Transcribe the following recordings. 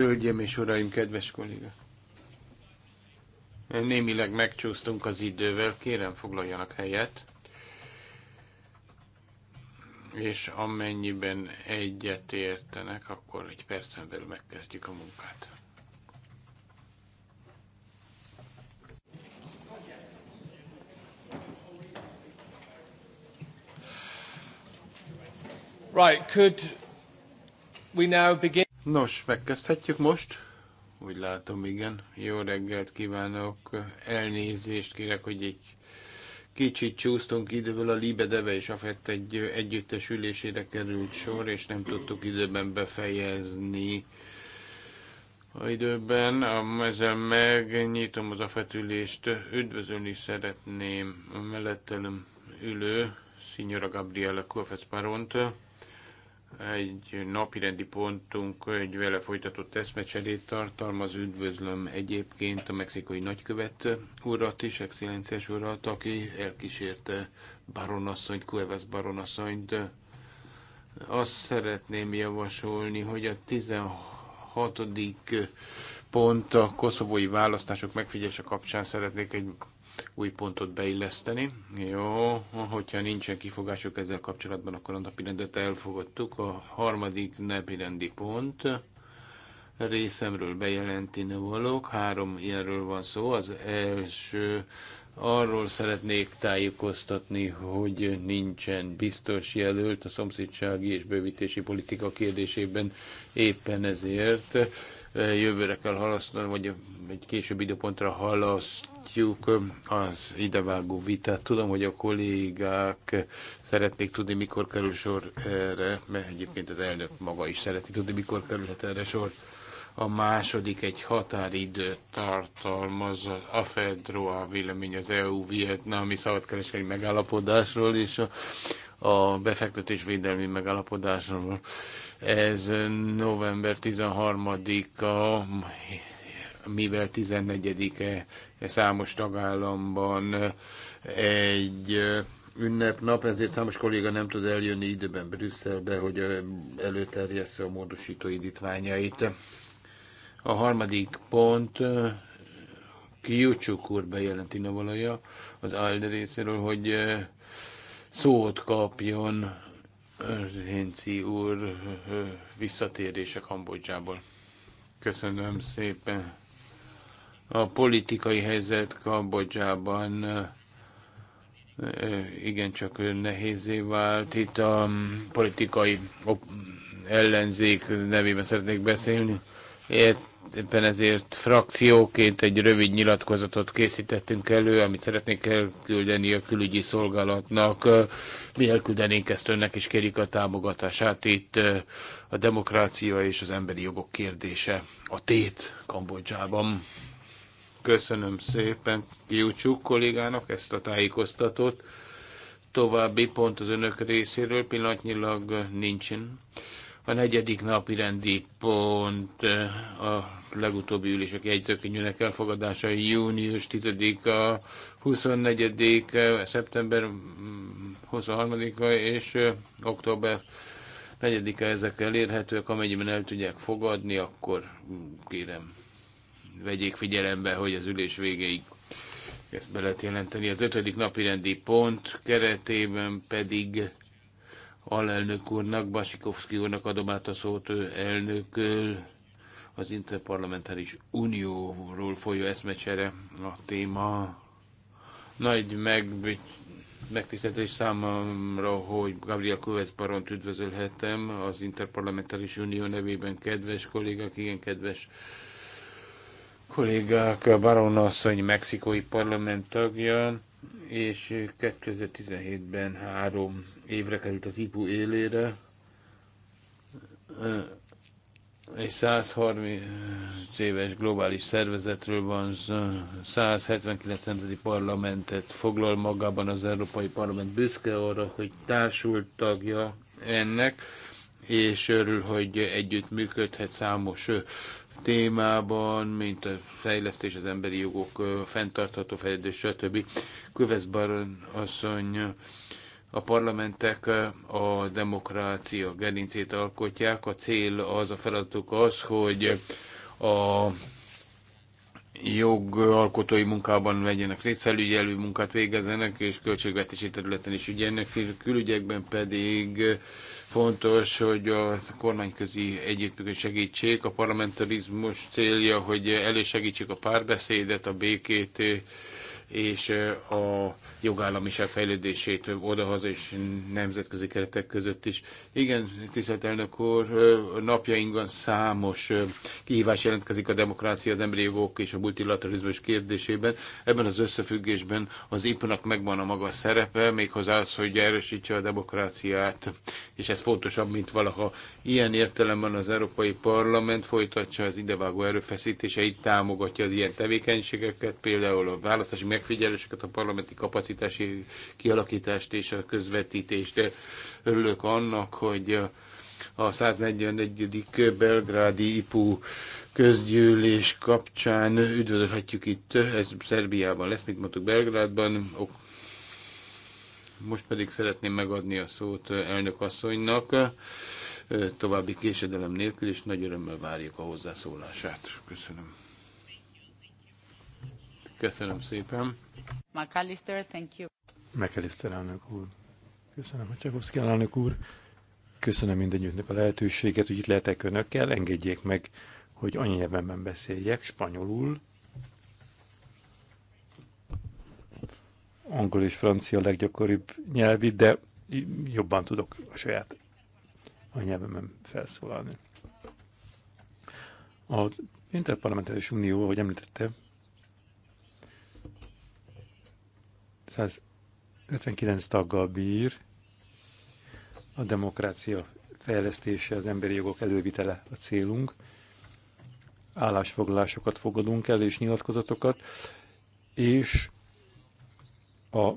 Hölgyem és uraim, kedves kolléga! Némileg megcsúsztunk az idővel, kérem foglaljanak helyet. És amennyiben egyet értenek, akkor egy percen belül megkezdjük a munkát. Right, could we now begin? Nos, megkezdhetjük most. Úgy látom, igen. Jó reggelt kívánok. Elnézést kérek, hogy egy kicsit csúsztunk időből. A Libe Deve és a Fett egy együttes ülésére került sor, és nem tudtuk időben befejezni. A időben a ezzel megnyitom az a fetülést, Üdvözölni szeretném a mellettelem ülő Signora Gabriela Kofesz Paronta egy napirendi pontunk egy vele folytatott eszmecserét tartalmaz. Üdvözlöm egyébként a mexikai nagykövet urat is, excellenciás urat, aki elkísérte baronasszonyt, Cuevas baronasszonyt. Azt szeretném javasolni, hogy a 16. pont a koszovói választások megfigyelése kapcsán szeretnék egy új pontot beilleszteni. Jó, hogyha nincsen kifogások ezzel kapcsolatban, akkor a rendet elfogadtuk. A harmadik rendi pont részemről bejelenteni valók. Három ilyenről van szó. Az első arról szeretnék tájékoztatni, hogy nincsen biztos jelölt a szomszédsági és bővítési politika kérdésében éppen ezért eh, jövőre kell halasztani, vagy egy később időpontra halaszt folytatjuk az idevágó vitát. Tudom, hogy a kollégák szeretnék tudni, mikor kerül sor erre, mert egyébként az elnök maga is szereti tudni, mikor kerülhet erre sor. A második egy határidő tartalmaz a FEDROA vélemény az EU-Vietnámi szabadkereskedelmi megállapodásról és a, a befektetésvédelmi megállapodásról. Ez november 13-a mivel 14-e számos tagállamban eh, egy eh, ünnepnap, ezért számos kolléga nem tud eljönni időben Brüsszelbe, hogy eh, előterjessze a módosító indítványait. A harmadik pont Kiyucsuk úr bejelenti valója az ALDE részéről, hogy szót kapjon Hinci úr visszatérése Kambodzsából. Köszönöm szépen. A politikai helyzet Kambodzsában igencsak nehézé vált. Itt a politikai ellenzék nevében szeretnék beszélni. Éppen ezért frakcióként egy rövid nyilatkozatot készítettünk elő, amit szeretnék elküldeni a külügyi szolgálatnak. Mi elküldenénk ezt önnek, és kérjük a támogatását. Itt a demokrácia és az emberi jogok kérdése a tét Kambodzsában. Köszönöm szépen Kiucsuk kollégának ezt a tájékoztatót. További pont az önök részéről pillanatnyilag nincsen. A negyedik napi rendi pont a legutóbbi ülések jegyzőkönyvének elfogadása június 10-a, 24 szeptember 23-a mm, és október 4-e ezek elérhetőek, amennyiben el tudják fogadni, akkor kérem vegyék figyelembe, hogy az ülés végéig ezt be lehet jelenteni. Az ötödik napi rendi pont keretében pedig alelnök úrnak, Basikovszki úrnak adom át a szót, ő elnököl az Interparlamentáris Unióról folyó eszmecsere a téma. Nagy meg, megtiszteltetés számomra, hogy Gabriel Kövesz baront üdvözölhetem az Interparlamentáris Unió nevében, kedves kollégák, igen kedves kollégák, Baron asszony mexikói parlament tagja, és 2017-ben három évre került az IPU élére, egy 130 éves globális szervezetről van, 179. parlamentet foglal magában az Európai Parlament büszke arra, hogy társult tagja ennek, és örül, hogy együtt működhet számos témában, mint a fejlesztés, az emberi jogok, fenntartható fejlődés, stb. Kövesz Baron asszony, a parlamentek a demokrácia gerincét alkotják. A cél az, a feladatuk az, hogy a jogalkotói munkában vegyenek részt, felügyelő munkát végezzenek, és költségvetési területen is ügyelnek, külügyekben pedig Fontos, hogy a kormányközi együttműködés segítség. A parlamentarizmus célja, hogy elősegítsük a párbeszédet, a békét és a jogállamiság fejlődését odahaza és nemzetközi keretek között is. Igen, tisztelt elnök úr, napjainkban számos kihívás jelentkezik a demokrácia, az emberi jogok és a multilateralizmus kérdésében. Ebben az összefüggésben az IPU-nak megvan a maga szerepe, méghozzá az, hogy erősítse a demokráciát, és ez fontosabb, mint valaha. Ilyen értelemben az Európai Parlament folytatja az idevágó erőfeszítéseit, támogatja az ilyen tevékenységeket, például a választási meg megfigyeléseket, a parlamenti kapacitási kialakítást és a közvetítést. Örülök annak, hogy a 141. belgrádi IPU közgyűlés kapcsán üdvözölhetjük itt, ez Szerbiában lesz, mint mondtuk Belgrádban. Most pedig szeretném megadni a szót elnök asszonynak, további késedelem nélkül, és nagy örömmel várjuk a hozzászólását. Köszönöm. Köszönöm szépen. McAllister, thank you. McAllister elnök úr. Köszönöm, Hacsakovszki elnök úr. Köszönöm mindenüttnek a lehetőséget, hogy itt lehetek önökkel. Engedjék meg, hogy anyanyelvemben beszéljek, spanyolul. Angol és francia a leggyakoribb nyelvi, de jobban tudok a saját anyanyelvemben felszólalni. A Interparlamentáris Unió, ahogy említette, 159 taggal bír, a demokrácia fejlesztése, az emberi jogok elővitele a célunk. Állásfoglalásokat fogadunk el, és nyilatkozatokat, és a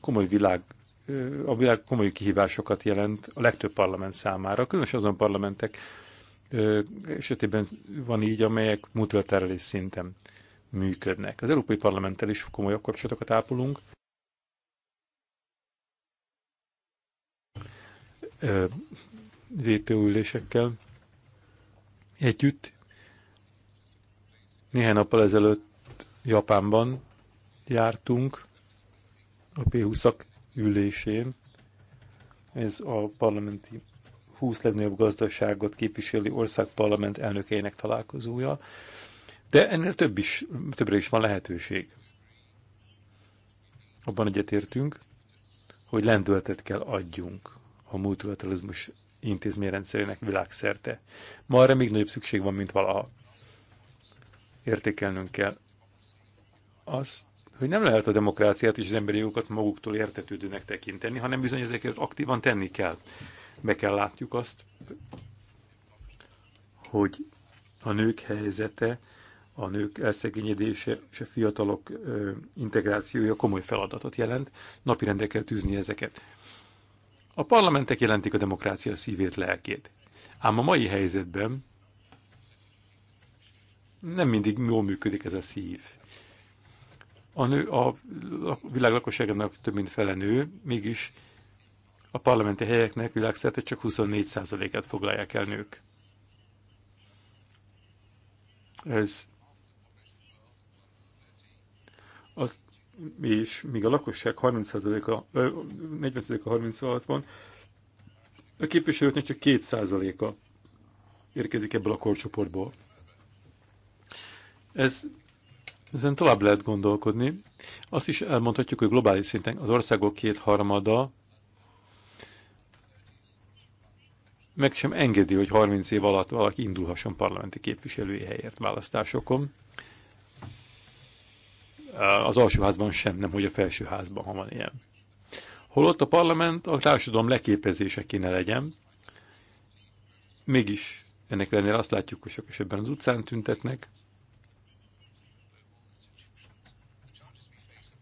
komoly világ a világ komoly kihívásokat jelent a legtöbb parlament számára, különösen azon parlamentek esetében van így, amelyek multilaterális szinten működnek. Az Európai Parlamenttel is komolyabb kapcsolatokat ápolunk. VTO ülésekkel együtt. Néhány nappal ezelőtt Japánban jártunk a P20-ak ülésén. Ez a parlamenti 20 legnagyobb gazdaságot képviselő ország parlament elnökeinek találkozója. De ennél több is, többre is van lehetőség. Abban egyetértünk, hogy lendületet kell adjunk a multilateralizmus intézményrendszerének világszerte. Ma erre még nagyobb szükség van, mint valaha. Értékelnünk kell az, hogy nem lehet a demokráciát és az emberi jogokat maguktól értetődőnek tekinteni, hanem bizony ezeket aktívan tenni kell. Be kell látjuk azt, hogy a nők helyzete a nők elszegényedése és a fiatalok integrációja komoly feladatot jelent, rendre kell tűzni ezeket. A parlamentek jelentik a demokrácia szívét, lelkét. Ám a mai helyzetben nem mindig jól működik ez a szív. A, nő, a világ lakosságának több mint fele nő, mégis a parlamenti helyeknek világszerte csak 24%-át foglalják el nők. Ez az, és még a lakosság 30%-a, 40%-a 36 van, a képviselőknek csak 2%-a érkezik ebből a korcsoportból. Ez, ezen tovább lehet gondolkodni. Azt is elmondhatjuk, hogy globális szinten az országok kétharmada meg sem engedi, hogy 30 év alatt valaki indulhasson parlamenti képviselői helyért választásokon. Eh, az alsóházban sem, nem hogy a felsőházban, ha van ilyen. Holott a parlament a társadalom leképezése kéne legyen, mégis ennek ellenére azt látjuk, hogy sok esetben az utcán tüntetnek,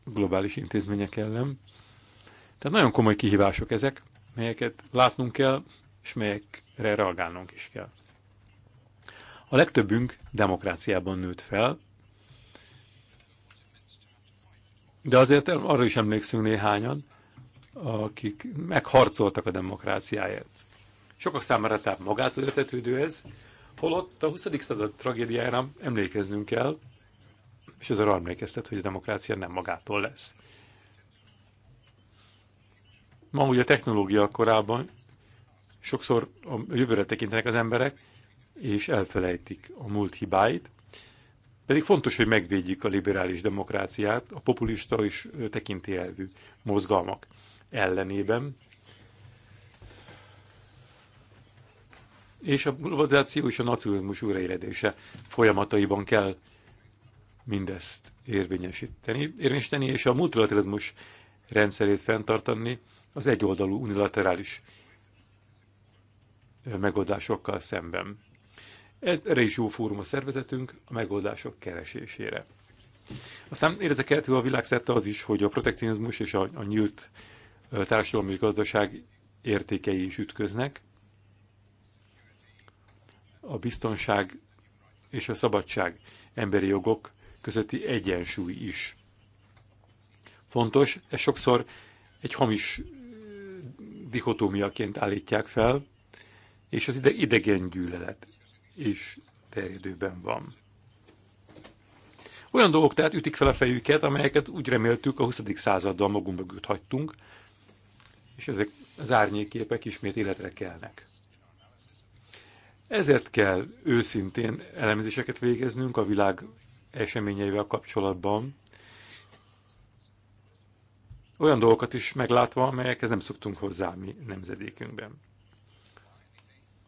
globális intézmények ellen. Tehát nagyon komoly kihívások ezek, melyeket látnunk kell, és melyekre reagálnunk is kell. A legtöbbünk demokráciában nőtt fel, De azért arra is emlékszünk néhányan, akik megharcoltak a demokráciáért. Sokak számára tehát magától értetődő ez, holott a 20. század tragédiájára emlékeznünk kell, és ez arra emlékeztet, hogy a demokrácia nem magától lesz. Ma ugye a technológia korában sokszor a jövőre tekintenek az emberek, és elfelejtik a múlt hibáit, pedig fontos, hogy megvédjük a liberális demokráciát a populista és tekintélyelvű mozgalmak ellenében. És a globalizáció és a nacionalizmus újraéledése folyamataiban kell mindezt érvényesíteni, érvényesíteni és a multilateralizmus rendszerét fenntartani az egyoldalú unilaterális megoldásokkal szemben. Erre is jó fórum a szervezetünk a megoldások keresésére. Aztán érdekelhető a világszerte az is, hogy a protekcionizmus és a, a nyílt társadalmi gazdaság értékei is ütköznek. A biztonság és a szabadság emberi jogok közötti egyensúly is fontos. Ez sokszor egy hamis dikotómiaként állítják fel, és az idegen gyűlölet is terjedőben van. Olyan dolgok tehát ütik fel a fejüket, amelyeket úgy reméltük a 20. századdal magunk mögött hagytunk, és ezek az árnyéképek ismét életre kelnek. Ezért kell őszintén elemzéseket végeznünk a világ eseményeivel kapcsolatban, olyan dolgokat is meglátva, amelyekhez nem szoktunk hozzá mi nemzedékünkben.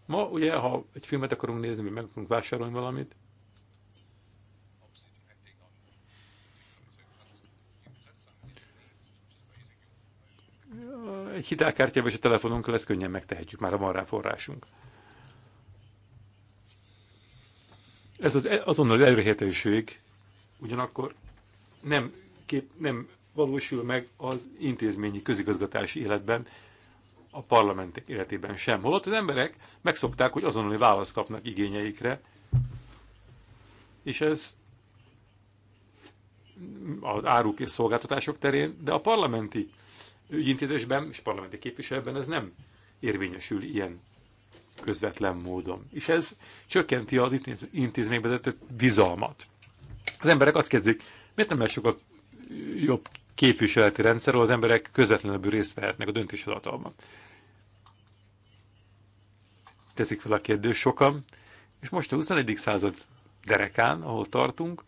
Ma ugye, ha egy filmet akarunk nézni, vagy meg akarunk vásárolni valamit, egy hitelkártyával és a telefonunkkal ezt könnyen megtehetjük, már van rá forrásunk. Ez az e- azonnal elérhetőség ugyanakkor nem, kép, nem valósul meg az intézményi közigazgatási életben, a parlament életében sem. Holott az emberek megszokták, hogy azonnali választ kapnak igényeikre, és ez az áruk és szolgáltatások terén, de a parlamenti ügyintézésben és parlamenti képviselőben ez nem érvényesül ilyen közvetlen módon. És ez csökkenti az intézménybe vezetett bizalmat. Az emberek azt kezdik, miért nem lehet sokkal jobb képviseleti rendszer, ahol az emberek közvetlenül részt vehetnek a döntéshozatalban. Teszik fel a kérdést sokan, és most a 21. század derekán, ahol tartunk,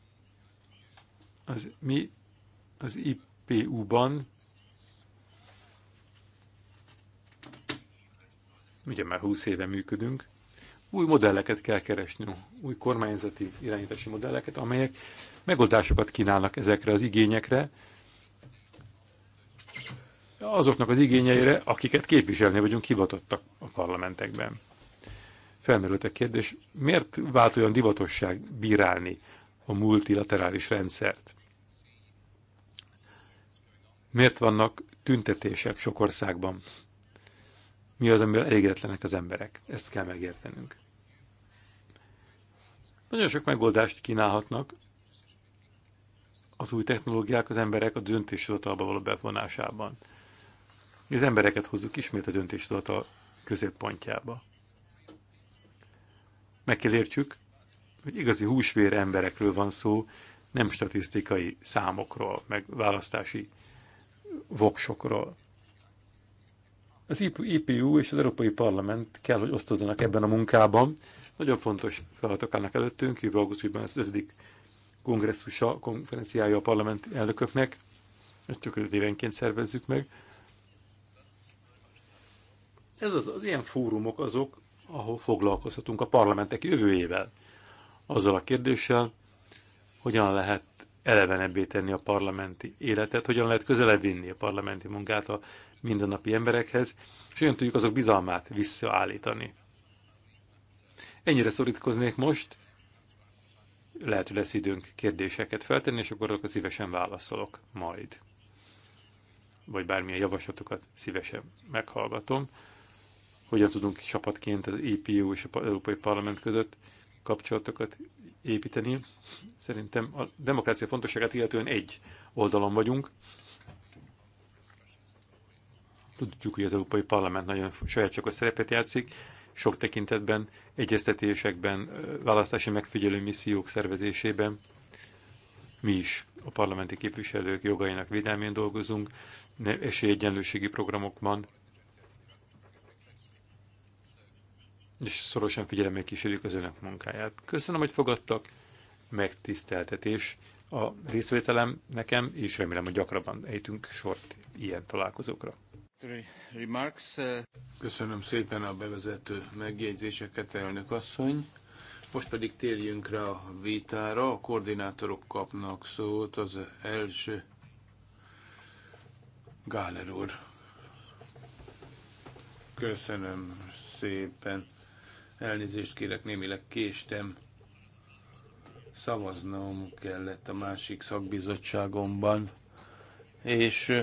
az mi az IPU-ban, ugye már 20 éve működünk, új modelleket kell keresnünk, új kormányzati irányítási modelleket, amelyek megoldásokat kínálnak ezekre az igényekre, azoknak az igényeire, akiket képviselni vagyunk hivatottak a parlamentekben. Felmerült a kérdés, miért vált olyan divatosság bírálni a multilaterális rendszert? Miért vannak tüntetések sok országban? Mi az, amivel elégedetlenek az emberek? Ezt kell megértenünk. Nagyon sok megoldást kínálhatnak az új technológiák az emberek a döntéshozatalba való bevonásában. Mi az embereket hozzuk ismét a a középpontjába. Meg kell értsük, hogy igazi húsvér emberekről van szó, nem statisztikai számokról, meg választási voksokról. Az IPU és az Európai Parlament kell, hogy osztozzanak ebben a munkában. Nagyon fontos feladatok állnak előttünk, jövő augusztusban az 5. kongresszusa, konferenciája a parlament elnököknek, ezt csak 5 évenként szervezzük meg ez az, az ilyen fórumok azok, ahol foglalkozhatunk a parlamentek jövőjével. Azzal a kérdéssel, hogyan lehet elevenebbé tenni a parlamenti életet, hogyan lehet közelebb vinni a parlamenti munkát a mindennapi emberekhez, és hogyan tudjuk azok bizalmát visszaállítani. Ennyire szorítkoznék most, lehet, hogy lesz időnk kérdéseket feltenni, és akkor azokat szívesen válaszolok majd. Vagy bármilyen javaslatokat szívesen meghallgatom hogyan tudunk csapatként az EPU és az Európai Parlament között kapcsolatokat építeni. Szerintem a demokrácia fontosságát illetően egy oldalon vagyunk. Tudjuk, hogy az Európai Parlament nagyon saját csak a szerepet játszik, sok tekintetben, egyeztetésekben, választási megfigyelő missziók szervezésében. Mi is a parlamenti képviselők jogainak védelmén dolgozunk, esélyegyenlőségi programokban, és szorosan figyelemmel kísérjük az önök munkáját. Köszönöm, hogy fogadtak, megtiszteltetés a részvételem nekem, és remélem, hogy gyakrabban ejtünk sort ilyen találkozókra. Uh, Köszönöm szépen a bevezető megjegyzéseket, elnök asszony. Most pedig térjünk rá a vitára. A koordinátorok kapnak szót. Az első Gáler úr. Köszönöm szépen. Elnézést kérek, némileg késtem. Szavaznom kellett a másik szakbizottságomban, és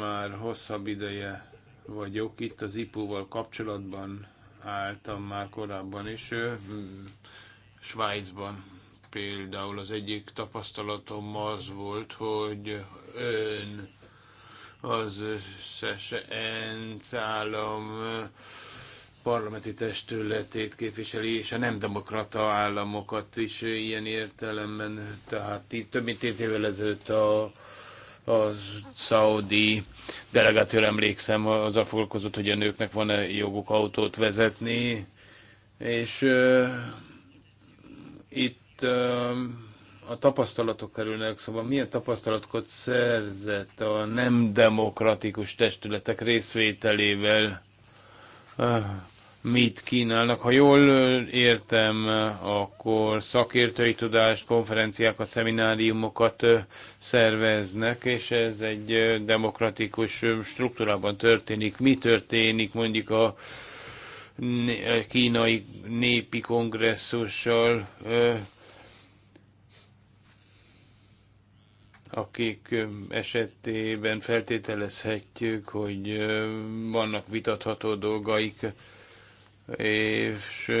már hosszabb ideje vagyok itt az IPU-val kapcsolatban, álltam már korábban is, Svájcban például az egyik tapasztalatom az volt, hogy ön az összes ENC állam parlamenti testületét képviseli, és a nem demokrata államokat is ilyen értelemben, tehát tíz, több mint tíz évvel ezelőtt a a szaudi delegáció emlékszem, azzal foglalkozott, hogy a nőknek van-e joguk autót vezetni, és e, itt e, a tapasztalatok kerülnek, szóval milyen tapasztalatot szerzett a nem demokratikus testületek részvételével? mit kínálnak. Ha jól értem, akkor szakértői tudást, konferenciákat, szemináriumokat szerveznek, és ez egy demokratikus struktúrában történik. Mi történik mondjuk a kínai népi kongresszussal, akik esetében feltételezhetjük, hogy vannak vitatható dolgaik, és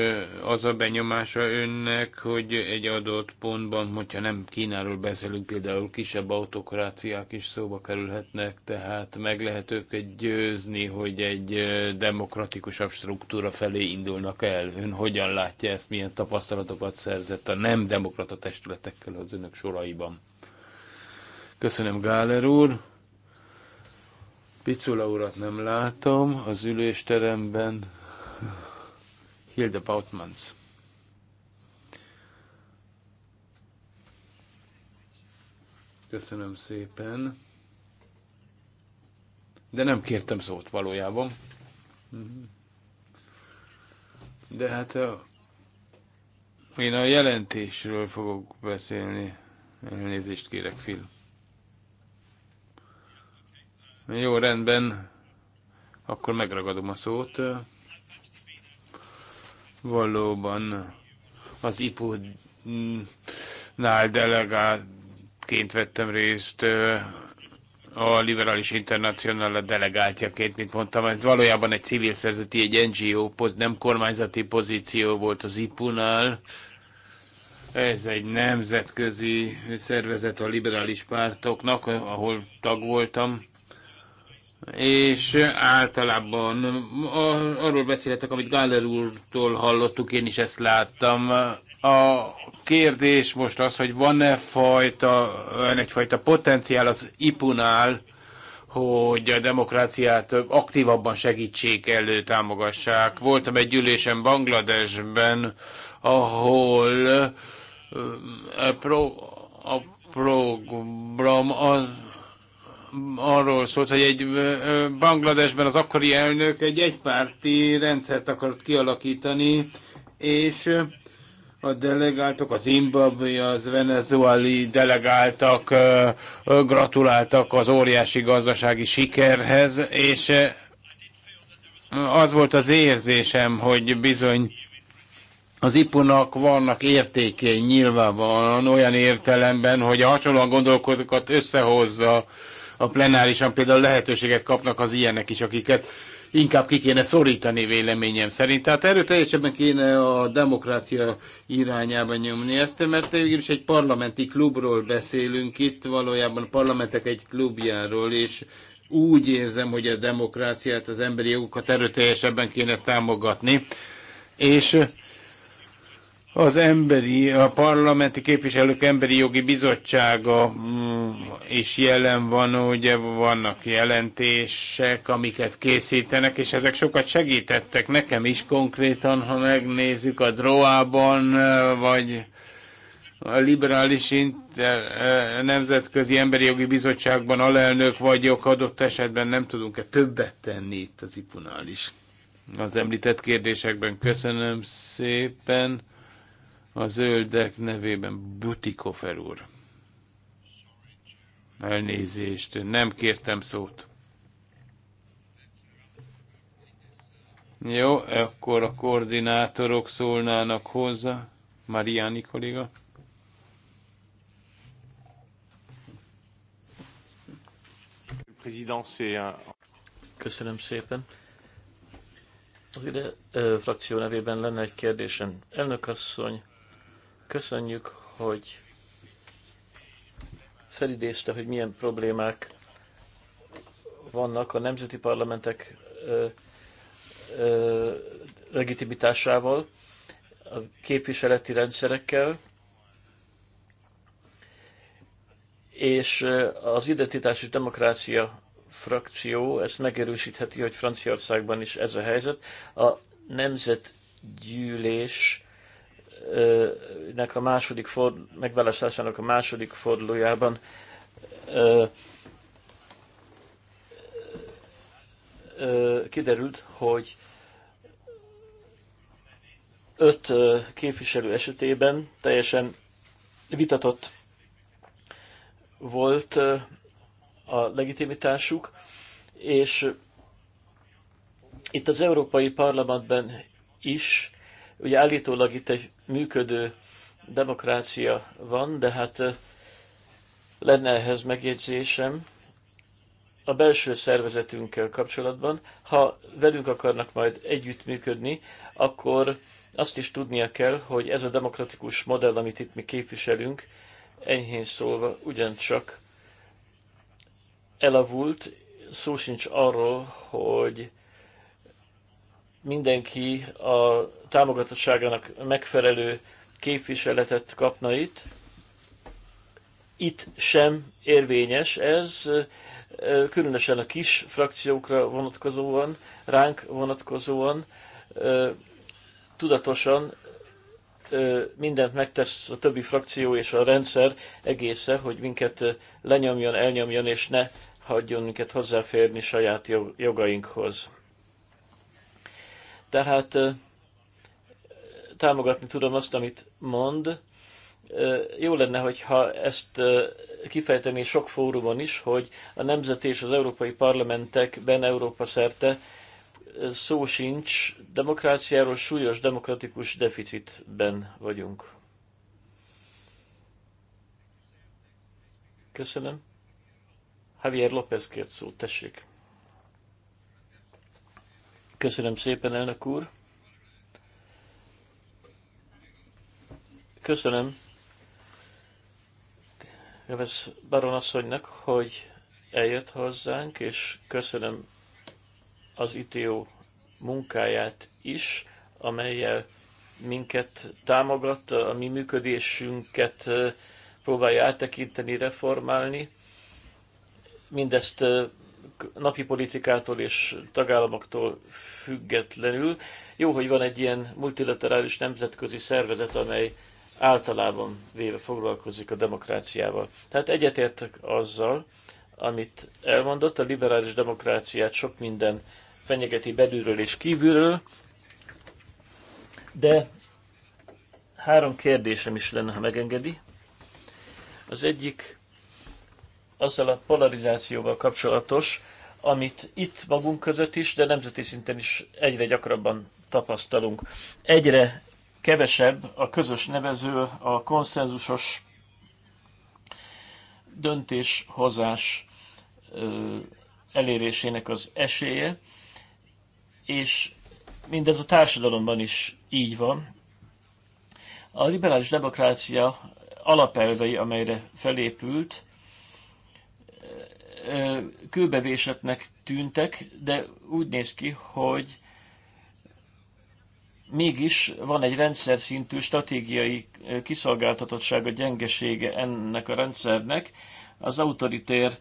az a benyomása önnek, hogy egy adott pontban, hogyha nem Kínáról beszélünk, például kisebb autokráciák is szóba kerülhetnek, tehát meg lehet őket győzni, hogy egy demokratikusabb struktúra felé indulnak el. Ön hogyan látja ezt, milyen tapasztalatokat szerzett a nem demokrata testületekkel az önök soraiban? Köszönöm, Gáler úr! Picula urat nem látom az ülésteremben Hilde Bautmans. Köszönöm szépen. De nem kértem szót valójában. De hát a, én a jelentésről fogok beszélni. Elnézést kérek, Phil. Jó, rendben. Akkor megragadom a szót. Valóban az IPU-nál delegáltként vettem részt, a Liberális Internacional delegáltjaként, mint mondtam, ez valójában egy civil szerzeti, egy NGO, nem kormányzati pozíció volt az IPU-nál. Ez egy nemzetközi szervezet a liberális pártoknak, ahol tag voltam és általában arról beszéltek, amit Gáller úrtól hallottuk, én is ezt láttam. A kérdés most az, hogy van-e fajta, egyfajta potenciál az ipunál, hogy a demokráciát aktívabban segítsék elő, támogassák. Voltam egy ülésen Bangladesben, ahol a, pro, a program az arról szólt, hogy egy Bangladesben az akkori elnök egy egypárti rendszert akart kialakítani, és a delegáltok, az Zimbabwe, az venezueli delegáltak gratuláltak az óriási gazdasági sikerhez, és az volt az érzésem, hogy bizony az ipunak vannak értékei nyilvánvalóan olyan értelemben, hogy a hasonlóan gondolkodókat összehozza, a plenárisan például lehetőséget kapnak az ilyenek is, akiket inkább ki kéne szorítani véleményem szerint. Tehát erről teljesen kéne a demokrácia irányába nyomni ezt, mert is egy parlamenti klubról beszélünk itt, valójában a parlamentek egy klubjáról, és úgy érzem, hogy a demokráciát, az emberi jogokat erőteljesebben kéne támogatni. És az emberi, a parlamenti képviselők emberi jogi bizottsága mm, is jelen van, ugye vannak jelentések, amiket készítenek, és ezek sokat segítettek nekem is konkrétan, ha megnézzük a droában, vagy a liberális inter, eh, nemzetközi emberi jogi bizottságban alelnök vagyok, adott esetben nem tudunk-e többet tenni itt az ipunál is. Az említett kérdésekben köszönöm szépen. A zöldek nevében Butikofer úr. Elnézést, nem kértem szót. Jó, akkor a koordinátorok szólnának hozzá. Mariani kolléga. Köszönöm szépen. Az ide ö, frakció nevében lenne egy kérdésem. Elnök asszony Köszönjük, hogy felidézte, hogy milyen problémák vannak a nemzeti parlamentek ö, ö, legitimitásával, a képviseleti rendszerekkel, és az identitás és demokrácia frakció ezt megerősítheti, hogy Franciaországban is ez a helyzet. A nemzetgyűlés nek a második ford megválasztásának a második fordulójában ö, ö, kiderült, hogy öt képviselő esetében teljesen vitatott volt a legitimitásuk, és itt az Európai Parlamentben is Ugye állítólag itt egy működő demokrácia van, de hát lenne ehhez megjegyzésem a belső szervezetünkkel kapcsolatban. Ha velünk akarnak majd együttműködni, akkor azt is tudnia kell, hogy ez a demokratikus modell, amit itt mi képviselünk, enyhén szólva ugyancsak elavult, szó sincs arról, hogy mindenki a támogatottságának megfelelő képviseletet kapna itt. Itt sem érvényes ez, különösen a kis frakciókra vonatkozóan, ránk vonatkozóan tudatosan mindent megtesz a többi frakció és a rendszer egésze, hogy minket lenyomjon, elnyomjon, és ne hagyjon minket hozzáférni saját jogainkhoz. Tehát támogatni tudom azt, amit mond. Jó lenne, hogyha ezt kifejteni sok fórumon is, hogy a nemzeti és az európai parlamentekben Európa szerte szó sincs, demokráciáról súlyos demokratikus deficitben vagyunk. Köszönöm. Javier López kért szót, tessék. Köszönöm szépen, elnök úr. Köszönöm Jövesz Baron asszonynak, hogy eljött hozzánk, és köszönöm az ITO munkáját is, amelyel minket támogat, a mi működésünket próbálja áttekinteni, reformálni. Mindezt napi politikától és tagállamoktól függetlenül. Jó, hogy van egy ilyen multilaterális nemzetközi szervezet, amely általában véve foglalkozik a demokráciával. Tehát egyetértek azzal, amit elmondott, a liberális demokráciát sok minden fenyegeti belülről és kívülről, de három kérdésem is lenne, ha megengedi. Az egyik azzal a polarizációval kapcsolatos, amit itt magunk között is, de nemzeti szinten is egyre gyakrabban tapasztalunk. Egyre kevesebb a közös nevező, a konszenzusos döntéshozás elérésének az esélye, és mindez a társadalomban is így van. A liberális demokrácia alapelvei, amelyre felépült, kőbevésetnek tűntek, de úgy néz ki, hogy mégis van egy rendszer szintű stratégiai kiszolgáltatottsága, gyengesége ennek a rendszernek. Az autoritér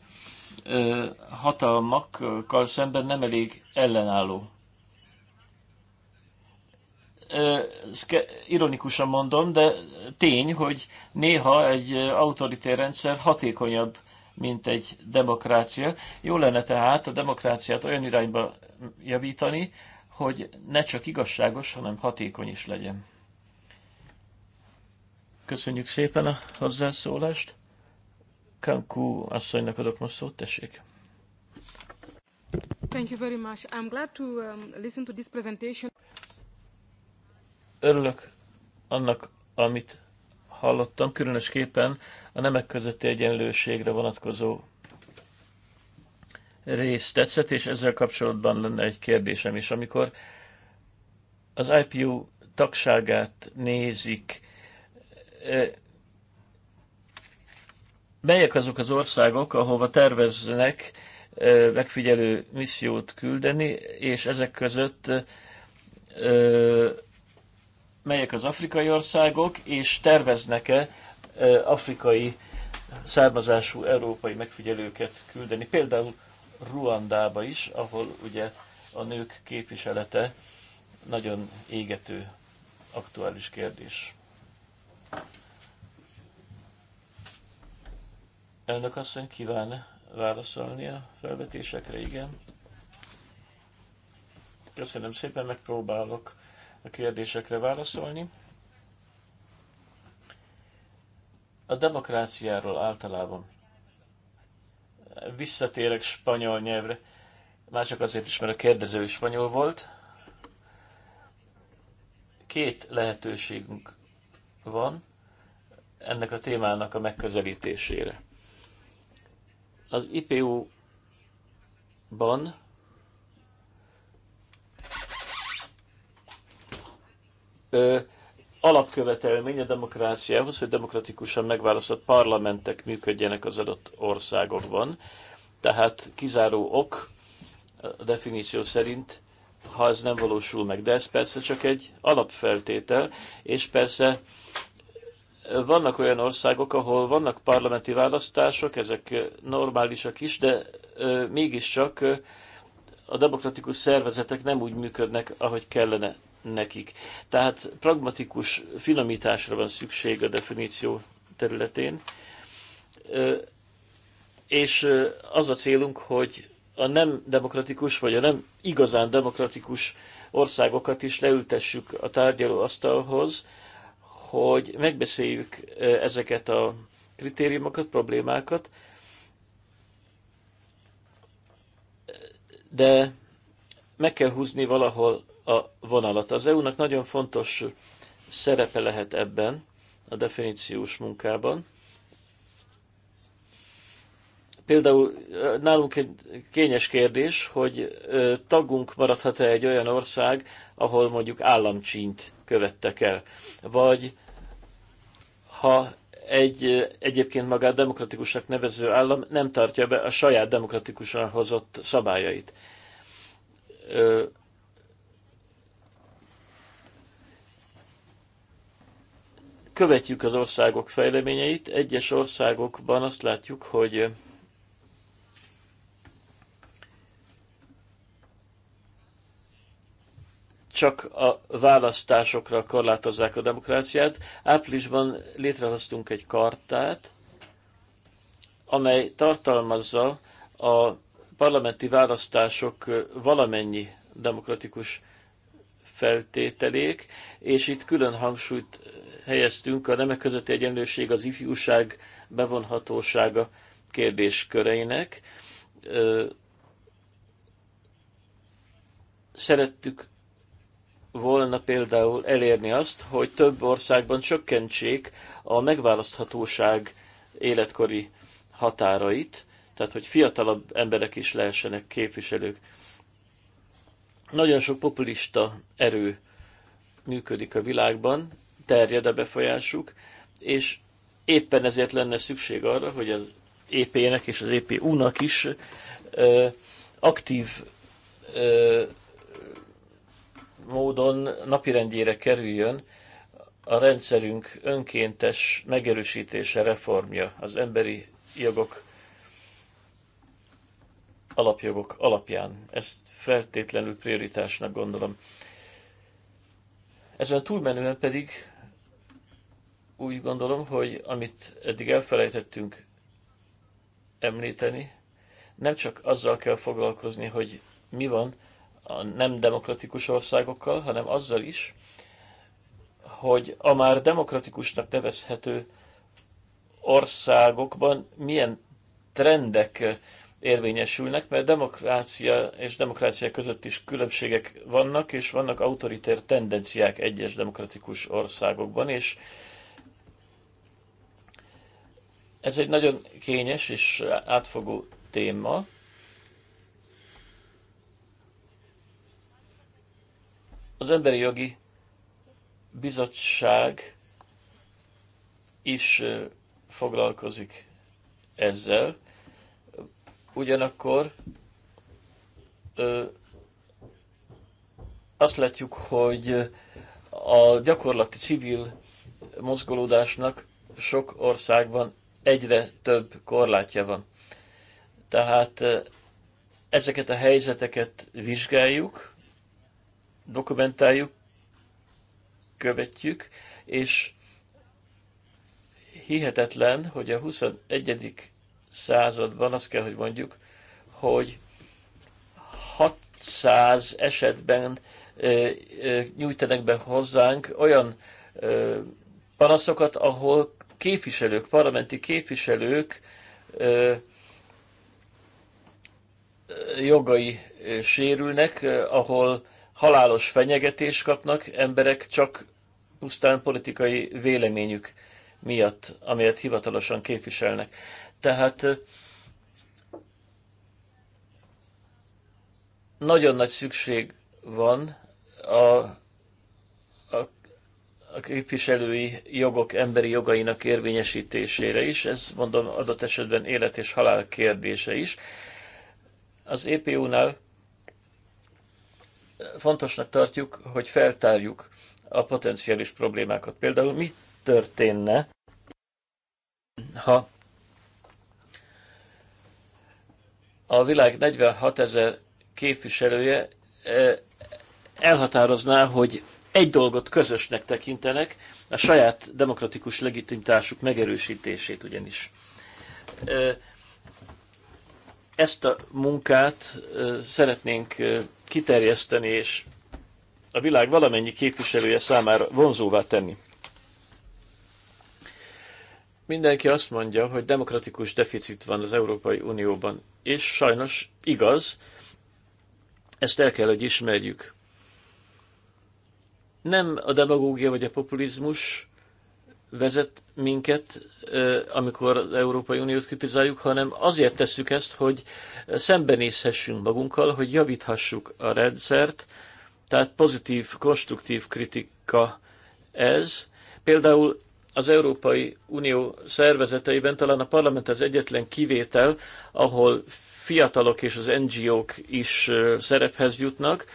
hatalmakkal szemben nem elég ellenálló. Ironikusan mondom, de tény, hogy néha egy autoritér rendszer hatékonyabb mint egy demokrácia. Jó lenne tehát a demokráciát olyan irányba javítani, hogy ne csak igazságos, hanem hatékony is legyen. Köszönjük szépen a hozzászólást. Kankú asszonynak adok most szót, tessék. Thank you very much. I'm glad to um, listen to this presentation. Örülök annak, amit hallottam, különösképpen a nemek közötti egyenlőségre vonatkozó rész tetszett, és ezzel kapcsolatban lenne egy kérdésem is. Amikor az IPU tagságát nézik, melyek azok az országok, ahova terveznek megfigyelő missziót küldeni, és ezek között melyek az afrikai országok, és terveznek-e Eh, afrikai származású európai megfigyelőket küldeni, például Ruandába is, ahol ugye a nők képviselete nagyon égető aktuális kérdés. Elnök asszony kíván válaszolni a felvetésekre, igen. Köszönöm szépen, megpróbálok a kérdésekre válaszolni. A demokráciáról általában visszatérek spanyol nyelvre, már csak azért is, mert a kérdező spanyol volt. Két lehetőségünk van ennek a témának a megközelítésére. Az IPU-ban alapkövetelmény a demokráciához, hogy demokratikusan megválasztott parlamentek működjenek az adott országokban. Tehát kizáró ok a definíció szerint, ha ez nem valósul meg. De ez persze csak egy alapfeltétel, és persze vannak olyan országok, ahol vannak parlamenti választások, ezek normálisak is, de mégiscsak a demokratikus szervezetek nem úgy működnek, ahogy kellene nekik. Tehát pragmatikus finomításra van szükség a definíció területén, és az a célunk, hogy a nem demokratikus, vagy a nem igazán demokratikus országokat is leültessük a tárgyalóasztalhoz, hogy megbeszéljük ezeket a kritériumokat, problémákat, de meg kell húzni valahol a vonalat. Az EU-nak nagyon fontos szerepe lehet ebben a definíciós munkában. Például nálunk egy kényes kérdés, hogy tagunk maradhat-e egy olyan ország, ahol mondjuk államcsínt követtek el, vagy ha egy egyébként magát demokratikusnak nevező állam nem tartja be a saját demokratikusan hozott szabályait. követjük az országok fejleményeit. Egyes országokban azt látjuk, hogy eh, csak a választásokra korlátozzák a demokráciát. Áprilisban létrehoztunk egy kartát, amely tartalmazza a parlamenti választások valamennyi demokratikus feltételék, és itt külön hangsúlyt helyeztünk a nemek közötti egyenlőség, az ifjúság bevonhatósága kérdésköreinek. Szerettük volna például elérni azt, hogy több országban csökkentsék a megválaszthatóság életkori határait, tehát hogy fiatalabb emberek is lehessenek képviselők. Nagyon sok populista erő működik a világban, terjed a befolyásuk, és éppen ezért lenne szükség arra, hogy az EP-nek és az EPU-nak is ö, aktív ö, módon napirendjére kerüljön a rendszerünk önkéntes megerősítése, reformja, az emberi jogok, alapjogok alapján. Ezt feltétlenül prioritásnak gondolom. Ezen túlmenően pedig úgy gondolom, hogy amit eddig elfelejtettünk említeni, nem csak azzal kell foglalkozni, hogy mi van a nem demokratikus országokkal, hanem azzal is, hogy a már demokratikusnak nevezhető országokban milyen trendek érvényesülnek, mert demokrácia és demokrácia között is különbségek vannak, és vannak autoritér tendenciák egyes demokratikus országokban, és ez egy nagyon kényes és átfogó téma. Az Emberi Jogi Bizottság is foglalkozik ezzel. Ugyanakkor ö, azt látjuk, hogy a gyakorlati civil mozgolódásnak sok országban egyre több korlátja van. Tehát ezeket a helyzeteket vizsgáljuk, dokumentáljuk, követjük, és hihetetlen, hogy a 21. században azt kell, hogy mondjuk, hogy 600 esetben nyújtanak be hozzánk olyan panaszokat, ahol képviselők, parlamenti képviselők ö, jogai sérülnek, ahol halálos fenyegetést kapnak emberek csak pusztán politikai véleményük miatt, amelyet hivatalosan képviselnek. Tehát nagyon nagy szükség van a a képviselői jogok emberi jogainak érvényesítésére is, ez mondom adott esetben élet és halál kérdése is. Az EPU-nál fontosnak tartjuk, hogy feltárjuk a potenciális problémákat. Például mi történne, ha a világ 46 ezer képviselője eh, elhatározná, hogy egy dolgot közösnek tekintenek, a saját demokratikus legitimitásuk megerősítését ugyanis. Ezt a munkát szeretnénk kiterjeszteni és a világ valamennyi képviselője számára vonzóvá tenni. Mindenki azt mondja, hogy demokratikus deficit van az Európai Unióban, és sajnos igaz, ezt el kell, hogy ismerjük nem a demagógia vagy a populizmus vezet minket, amikor az Európai Uniót kritizáljuk, hanem azért tesszük ezt, hogy szembenézhessünk magunkkal, hogy javíthassuk a rendszert, tehát pozitív, konstruktív kritika ez. Például az Európai Unió szervezeteiben talán a parlament az egyetlen kivétel, ahol fiatalok és az NGO-k is szerephez jutnak,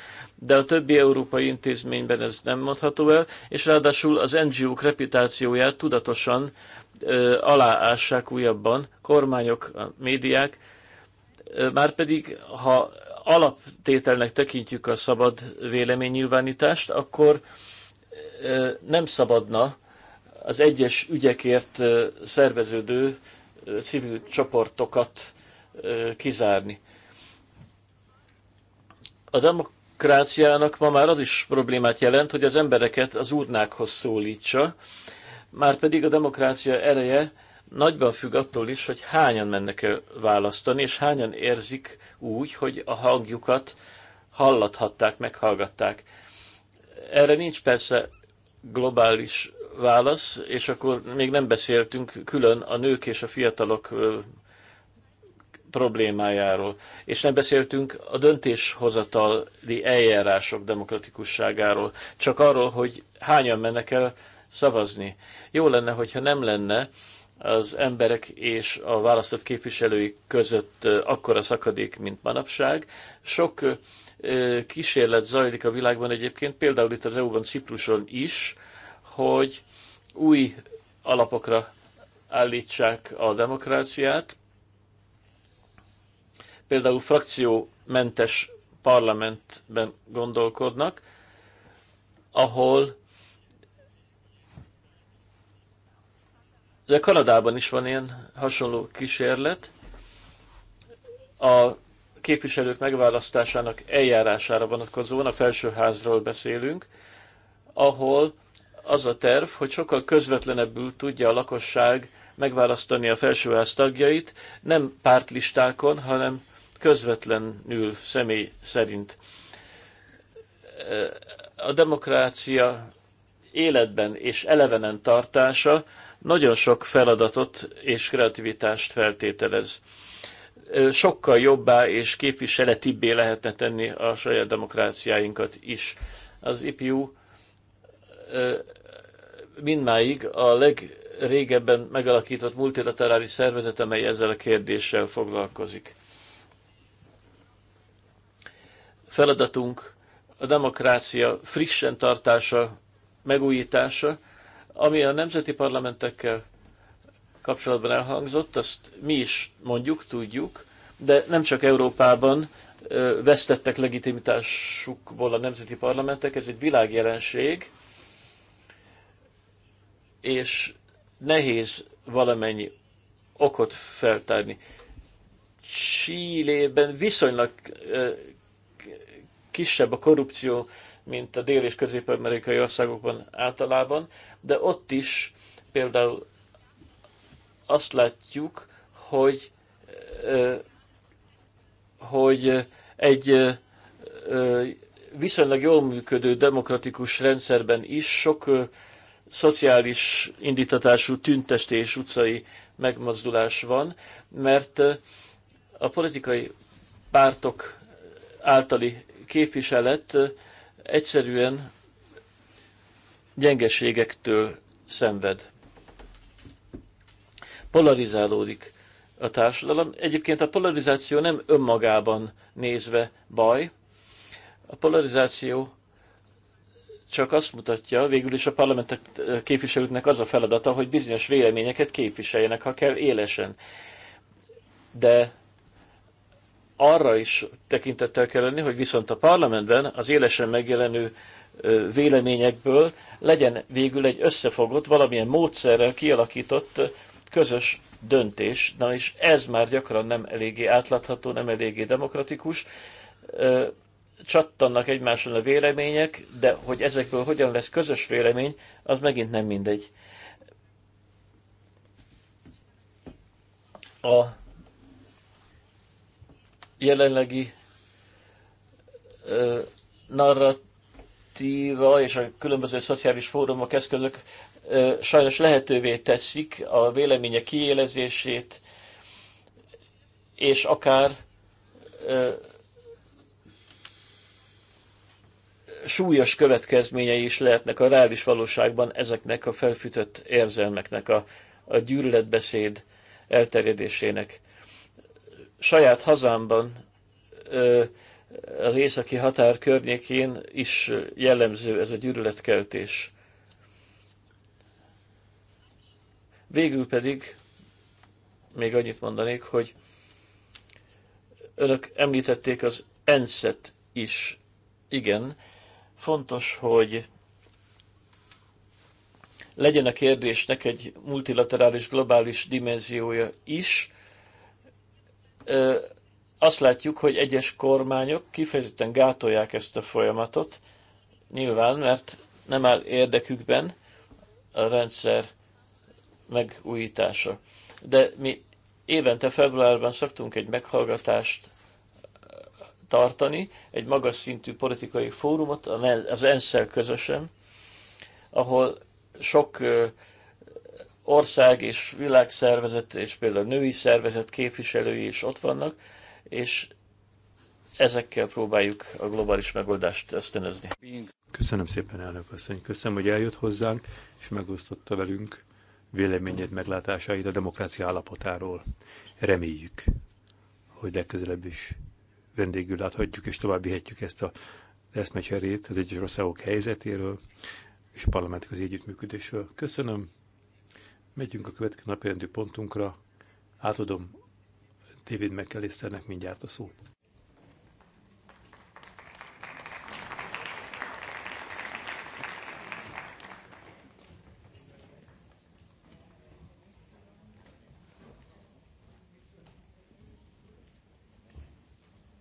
de a többi európai intézményben ez nem mondható el, és ráadásul az NGO-k reputációját tudatosan ö, aláássák újabban, kormányok, a médiák, márpedig ha alaptételnek tekintjük a szabad véleménynyilvánítást, akkor ö, nem szabadna az egyes ügyekért ö, szerveződő ö, civil csoportokat ö, kizárni. A demok demokráciának ma már az is problémát jelent, hogy az embereket az urnákhoz szólítsa, már pedig a demokrácia ereje nagyban függ attól is, hogy hányan mennek el választani, és hányan érzik úgy, hogy a hangjukat hallathatták, meghallgatták. Erre nincs persze globális válasz, és akkor még nem beszéltünk külön a nők és a fiatalok problémájáról, és nem beszéltünk a döntéshozatali eljárások demokratikusságáról, csak arról, hogy hányan mennek el szavazni. Jó lenne, hogyha nem lenne az emberek és a választott képviselői között akkora szakadék, mint manapság. Sok kísérlet zajlik a világban egyébként, például itt az EU-ban Cipruson is, hogy új alapokra állítsák a demokráciát, például frakciómentes parlamentben gondolkodnak, ahol de Kanadában is van ilyen hasonló kísérlet. A képviselők megválasztásának eljárására vonatkozóan a felsőházról beszélünk, ahol az a terv, hogy sokkal közvetlenebbül tudja a lakosság megválasztani a felsőház tagjait, nem pártlistákon, hanem közvetlenül személy szerint. A demokrácia életben és elevenen tartása nagyon sok feladatot és kreativitást feltételez. Sokkal jobbá és képviseletibbé lehetne tenni a saját demokráciáinkat is. Az IPU mindmáig a legrégebben megalakított multilaterális szervezet, amely ezzel a kérdéssel foglalkozik. feladatunk a demokrácia frissen tartása, megújítása, ami a nemzeti parlamentekkel kapcsolatban elhangzott, azt mi is mondjuk, tudjuk, de nem csak Európában vesztettek legitimitásukból a nemzeti parlamentek, ez egy világjelenség, és nehéz valamennyi okot feltárni. Csillében viszonylag kisebb a korrupció, mint a dél- és közép-amerikai országokban általában, de ott is például azt látjuk, hogy, hogy egy viszonylag jól működő demokratikus rendszerben is sok szociális indítatású tüntestés és utcai megmozdulás van, mert a politikai pártok általi képviselet egyszerűen gyengeségektől szenved. Polarizálódik a társadalom. Egyébként a polarizáció nem önmagában nézve baj. A polarizáció csak azt mutatja, végül is a parlamentek képviselőknek az a feladata, hogy bizonyos véleményeket képviseljenek, ha kell élesen. De arra is tekintettel kell lenni, hogy viszont a parlamentben az élesen megjelenő véleményekből legyen végül egy összefogott, valamilyen módszerrel kialakított közös döntés. Na és ez már gyakran nem eléggé átlátható, nem eléggé demokratikus. Csattannak egymáson a vélemények, de hogy ezekből hogyan lesz közös vélemény, az megint nem mindegy. A jelenlegi narratíva és a különböző szociális fórumok, eszközök sajnos lehetővé teszik a véleménye kiélezését, és akár súlyos következményei is lehetnek a reális valóságban ezeknek a felfűtött érzelmeknek, a, a gyűlöletbeszéd elterjedésének saját hazámban az északi határ környékén is jellemző ez a gyűlöletkeltés. Végül pedig még annyit mondanék, hogy önök említették az enszet is. Igen, fontos, hogy legyen a kérdésnek egy multilaterális, globális dimenziója is, azt látjuk, hogy egyes kormányok kifejezetten gátolják ezt a folyamatot, nyilván, mert nem áll érdekükben a rendszer megújítása. De mi évente februárban szoktunk egy meghallgatást tartani, egy magas szintű politikai fórumot, e az ensz közösen, ahol sok ország és világszervezet, és például női szervezet képviselői is ott vannak, és ezekkel próbáljuk a globális megoldást ösztönözni. Köszönöm szépen, elnök asszony. Köszönöm, hogy eljött hozzánk, és megosztotta velünk véleményét, meglátásait a demokrácia állapotáról. Reméljük, hogy legközelebb is vendégül láthatjuk, és tovább vihetjük ezt a eszmecserét az egyes országok helyzetéről, és a parlamentközi együttműködésről. Köszönöm. Megyünk a következő napi pontunkra. Átadom David McAllisternek mindjárt a szót.